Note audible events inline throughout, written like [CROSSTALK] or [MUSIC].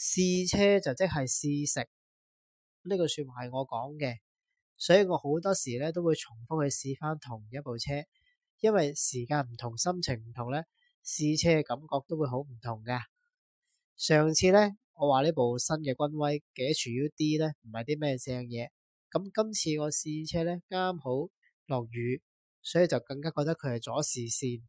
試車就即係試食，呢句說話係我講嘅，所以我好多時咧都會重複去試翻同一部車，因為時間唔同、心情唔同咧，試車嘅感覺都會好唔同噶。上次咧我話呢部新嘅君威嘅 H U D 咧唔係啲咩正嘢，咁今次我試車咧啱好落雨，所以就更加覺得佢係阻視線。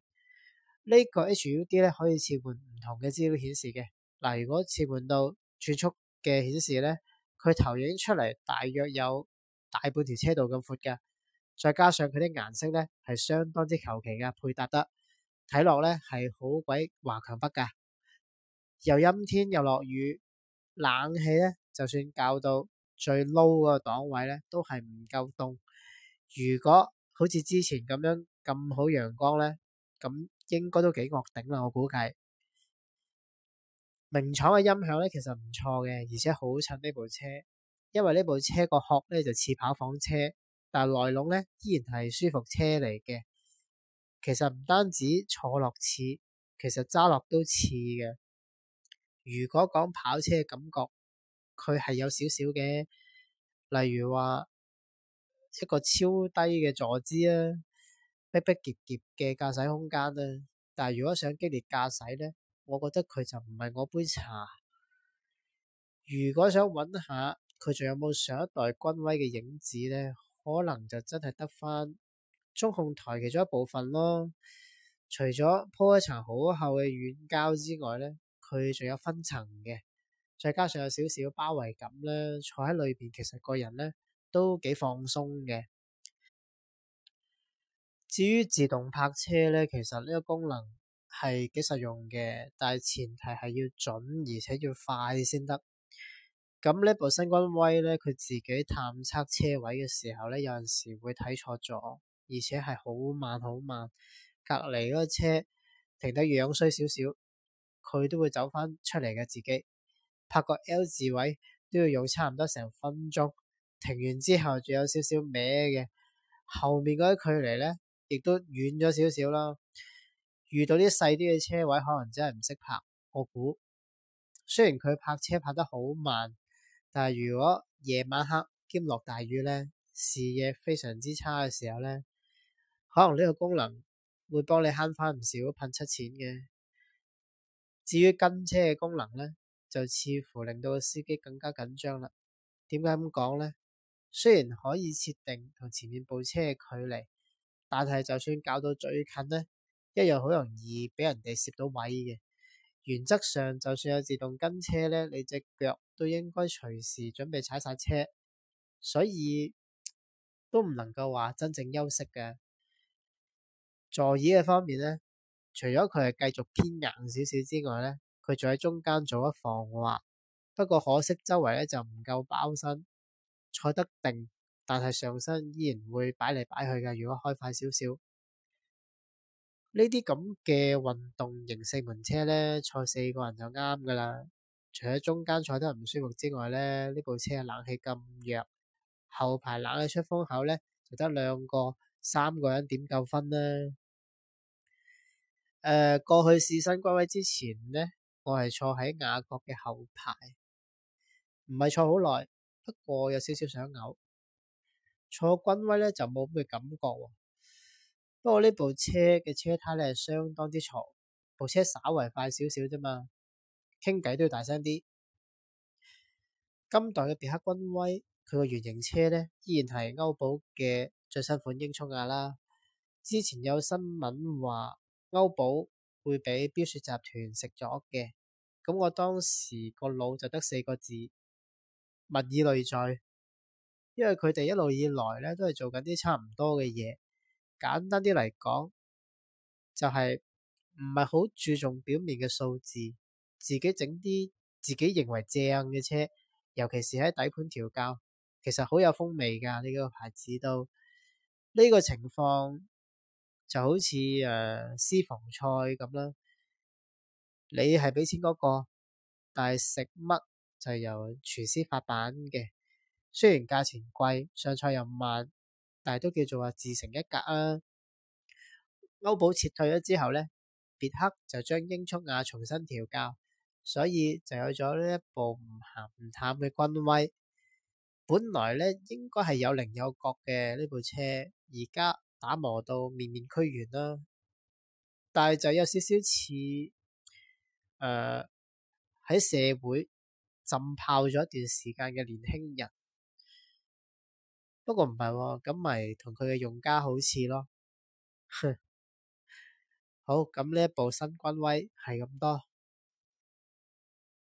呢個 H U D 咧可以切換唔同嘅資料顯示嘅。嗱，如果切換到轉速嘅顯示咧，佢投影出嚟，大約有大半條車道咁闊噶，再加上佢啲顏色咧係相當之求其噶，配搭得睇落咧係好鬼華強北噶，又陰天又落雨，冷氣咧就算教到最撈個檔位咧都係唔夠凍，如果好似之前咁樣咁好陽光咧，咁應該都幾惡頂啦，我估計。名廠嘅音響咧，其實唔錯嘅，而且好襯呢部車，因為呢部車個殼咧就似跑房車，但係內籠咧依然係舒服車嚟嘅。其實唔單止坐落似，其實揸落都似嘅。如果講跑車嘅感覺，佢係有少少嘅，例如話一個超低嘅坐姿啦，逼逼疊疊嘅駕駛空間啦。但係如果想激烈駕駛咧，我覺得佢就唔係我杯茶。如果想搵下佢仲有冇上一代君威嘅影子呢？可能就真係得返中控台其中一部分咯。除咗鋪一層好厚嘅軟膠之外呢，佢仲有分層嘅，再加上有少少包圍感呢，坐喺裏邊其實個人呢都幾放鬆嘅。至於自動泊車呢，其實呢個功能。係幾實用嘅，但係前提係要準，而且要快先得。咁呢部新君威呢，佢自己探測車位嘅時候呢，有陣時會睇錯咗，而且係好慢好慢。隔籬嗰個車停得樣衰少少，佢都會走返出嚟嘅，自己拍個 L 字位，都要用差唔多成分鐘。停完之後，仲有少少歪嘅，後面嗰啲距離呢，亦都遠咗少少啦。遇到啲細啲嘅車位，可能真係唔識拍。我估雖然佢泊車泊得好慢，但係如果夜晚黑兼落大雨呢，視野非常之差嘅時候呢，可能呢個功能會幫你慳翻唔少噴漆錢嘅。至於跟車嘅功能呢，就似乎令到個司機更加緊張啦。點解咁講呢？雖然可以設定同前面部車嘅距離，但係就算搞到最近呢。一樣好容易俾人哋攝到位嘅。原則上，就算有自動跟車呢，你隻腳都應該隨時準備踩剎車，所以都唔能夠話真正休息嘅。座椅嘅方面呢，除咗佢係繼續偏硬少少之外呢，佢仲喺中間做咗防滑，不過可惜周圍呢就唔夠包身，坐得定，但係上身依然會擺嚟擺去嘅。如果開快少少。呢啲咁嘅運動型四門車咧，坐四個人就啱噶啦。除咗中間坐得人唔舒服之外咧，呢部車嘅冷氣咁弱，後排冷氣出風口咧就得兩個三個人點夠分呢？誒、呃，過去試新君威之前咧，我係坐喺雅閣嘅後排，唔係坐好耐，不過有少少想嘔。坐君威咧就冇咩嘅感覺。不過呢部車嘅車胎咧相當之嘈，部車稍為快少少啫嘛，傾偈都要大聲啲。今代嘅別克君威，佢個原型車呢，依然係歐寶嘅最新款英速亞啦。之前有新聞話歐寶會俾標雪集團食咗嘅，咁我當時個腦就得四個字：物以類聚，因為佢哋一路以來呢，都係做緊啲差唔多嘅嘢。簡單啲嚟講，就係唔係好注重表面嘅數字，自己整啲自己認為正嘅車，尤其是喺底盤調校，其實好有風味㗎。呢、這個牌子都呢、這個情況就好似誒、呃、私房菜咁啦，你係俾錢嗰、那個，但係食乜就由廚師發辦嘅。雖然價錢貴，上菜又慢。但係都叫做話自成一格啊！歐寶撤退咗之後呢，別克就將英速亞重新調教，所以就有咗呢一部唔鹹唔淡嘅君威。本來呢應該係有棱有角嘅呢部車，而家打磨到面面俱圓啦、啊。但係就有少少似誒喺社會浸泡咗一段時間嘅年輕人。不過唔係喎，咁咪同佢嘅用家好似咯。 [LAUGHS] 好，咁呢一部新君威係咁多。